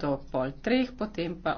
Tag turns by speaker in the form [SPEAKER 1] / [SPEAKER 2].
[SPEAKER 1] do pol treh, potem pa